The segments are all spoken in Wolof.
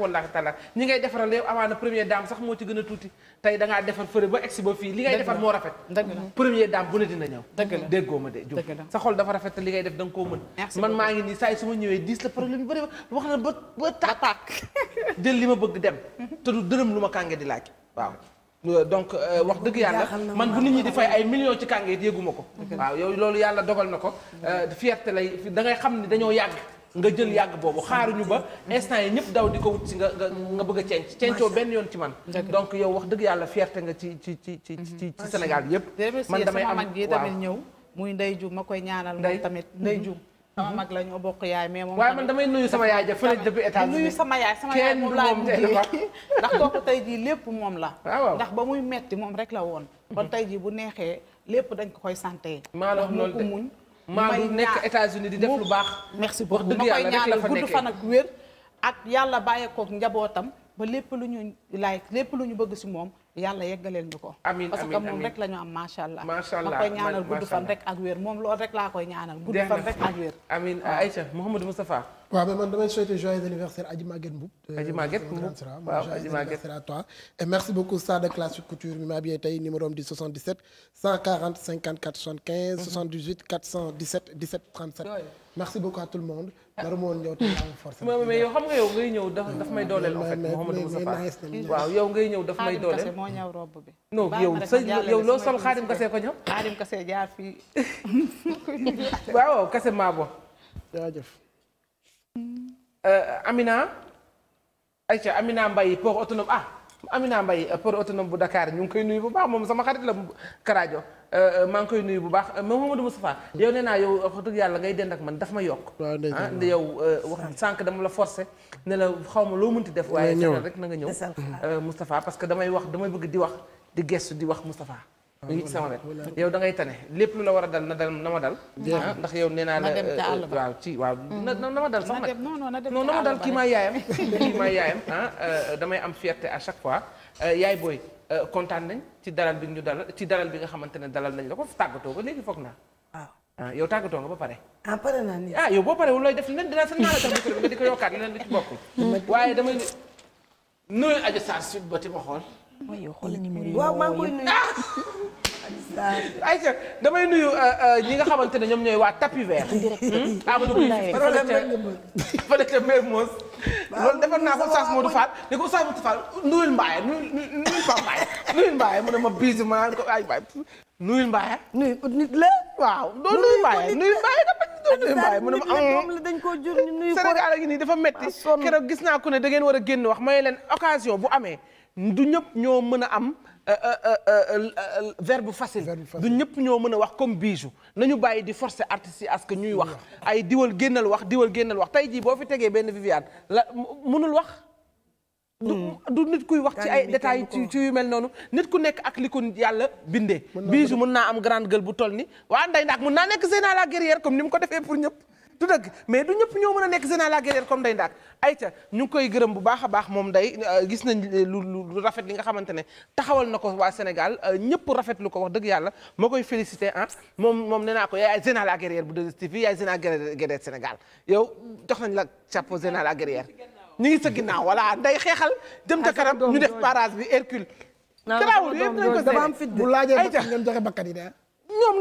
wallahi taala ñi ngay defaral yow amaana première daam sax moo ci gën a tuuti tey dangaa ngaa defar fële ba egsi ba fii li ngay defar moo rafet première dame bu ne dina ñëw déggoo ma de jub sa xol dafa rafet te li ngay def da nga koo mën man maa ngi nii saa yi su ma ñëwee diis la problème yu bëri wax na ba ba tàkk jël li ma bëgg dem te du dërëm lu ma kàngee di laaj waaw euh, donc euh, wax dëgg yàlla man bu nit ñi di fay ay millions ci kànge it yëguma ko waaw yow loolu yàlla dogal na ko euh, fierté lay da ngay xam ni dañoo yàgg nga jël yàgg boobu xaaruñu ba instant yi ñëpp daw di ko wut si nga nga bëgg a cenc cencoo benn yoon ci man donc yow wax dëgg yàlla fierté nga ci ci ci ci ci ci Sénégal yëpp man damay am mag gi tamit ñëw muy Ndey Diouf ma koy ñaanal moom tamit Ndey mm-hmm. Diouf sama mm-hmm. mag la ñoo bokk yaay mais moom waaye man damay nuyu sama yaay ja fële depuis état nuyu sama yaay sama yaay moom laa mujjee ndax kooku tey jii lépp moom la ndax ba muy metti moom rek la woon kon mm-hmm. tey jii bu neexee lépp dañ ko koy santé maa ngi nekk États-Unis di def lu baax. merci beaucoup ma koy ñaanal gudd fan ak wér. ak yàlla kook njabootam ba lépp lu ñu laay lépp lu ñu bëgg si moom yàlla yeggaleel ñu ko. amiin parce que moom rek la ñu am macha allah. macha allah ma koy ñaanal gudd fan rek ak wér moom lool rek laa koy ñaanal. gudd fan rek ak wér. amiin ah. Aïcha Mouhamadou Moustapha waaw man damay souhaiter joyeux anniversaire Adji Maguette Mboup. Euh, Adji Maguette Mboup waaw Adji Maguette à toi. et merci beaucoup Sada Classique Couture mi ma bien tey numéro am di 77 140 54 75. 78 417 17 37. merci beaucoup à tout le monde. dara moo ñëw tey am force. moom mais yow xam nga yow ngay ñëw daf may dooleel. en fait Mouhamadou Moustapha waaw yow ngay ñëw daf may dooleel. xaarim moo ñëw robe bi. non yow sa Euh, Amina ayca Amina Mbaye port autonome ah Amina Mbaye euh, pour autonome bu Dakar ñu ngi koy nuyu bu baax moom sama xarit la Karajo euh, maa ngi koy nuyu bu baax moom Mamadou Moustapha yow nee naa yow wax dëgg yàlla ngay dend ak man daf ma yokk. waaw ah, yow wax sànq dama la forcé ne la xaw ma loo mënti def. waaye rek na nga ñëw Moustapha parce que damay wax damay bëgg di wax di gestu di wax Moustapha. mi ngi ci tane lépp lu la war a dal na dal na ma dal ah, ndax yow nee naa la euh, waaw ci waaw mm-hmm. na na ma dal sax nag na ma dal kii maa yaayam kii yaayam ah, euh, damay am fierté à chaque fois euh, yaay booy kontaan nañ ci dalal bi ñu dalal ci dalal bi nga xamante ne dalal nañ la ko tàggatoo ba léegi foog naa waaw ah. yow tàggatoo nga ba pare ah pare naa ni ah yow boo pare wul looy def na dinaa sa naa la tax nga di ko yokkaat leneen lu ci bokkul waaye damay nuyu aja saar suite ba ti ma xool waaw yow xoolal numéro yi waaw maa ngi koy nuyu. ayca damay nuyu euh, euh, ñi nga xamante ne ñoom ñooy waa tapis vert. Amadou hmm? ah, Mbaye fële ca Mermoz loolu naa ko Oustaz Modou Fall ne ko Oustaz Modou Fall nuyul Mbaye nuyul Pape Mbaye nuyul Mbaye mu ne ay Mbaye nuyul Mbaye. nuyu nit la. waaw doo nuyu Mbaye nuyul dafa nuyu Mbaye mu ne ma am hmm. dañ koo jur ñu nuyu ko Sénégal a ngi nii dafa ah, gis naa ku ne da war a génn wax ma leen occasion bu amee du ñëpp ñoo mën a am euh, euh, euh, verbe facile du ñëpp ñoo mën a wax comme bijou nañu bàyyi di force artistes yi à que ñuy wax ay diwal génnal wax diwal génnal wax tey jii boo fi tegee benn Viviane la mënul wax hmm. du nit kuy wax ci ay détails ci ci yu mel noonu nit ku nekk ak li ko yàlla bindee bijou mën naa am grande gueule bu toll ni waa nday ndaak mën naa nekk Zeyna la guerrière comme ni mu ko defee pour ñëpp du dëgg mais du ñëpp ñoo mën a nekk Zena la guerrière comme ndaak ayca ñu ngi koy gërëm bu baax a baax moom day euh, gis nañ lu lu rafet li nga xamante ne taxawal na ko waa Sénégal euh, ñëpp lu ko wax dëgg yàlla moo koy félicité a moom moom nee naa ko yaay Zena la guerrière bu 2STV yaay Zena guerrière Sénégal yow jox nañ la chapeau Zena la guerrière ñu ngi sa ginnaaw voilà nday xeexal jëm ca ah, kanam ñu def parage bi Hercule. garaawul yëpp nañ ko bu laajee joxe bakkan yi de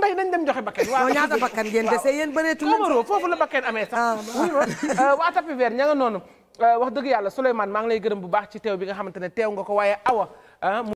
nday nañ dem joxe bakkan waaw ñaata bakkan ngeen dese yéen bëreetu Camaro foofu la bakkan amee sax ah, wuy ma euh, waa tapi vert ña nga noonu euh, wax dëgg yàlla Souleymane maa ngi lay gërëm bu baax ci teew bi nga xamante ne teew nga ko waaye awa ah,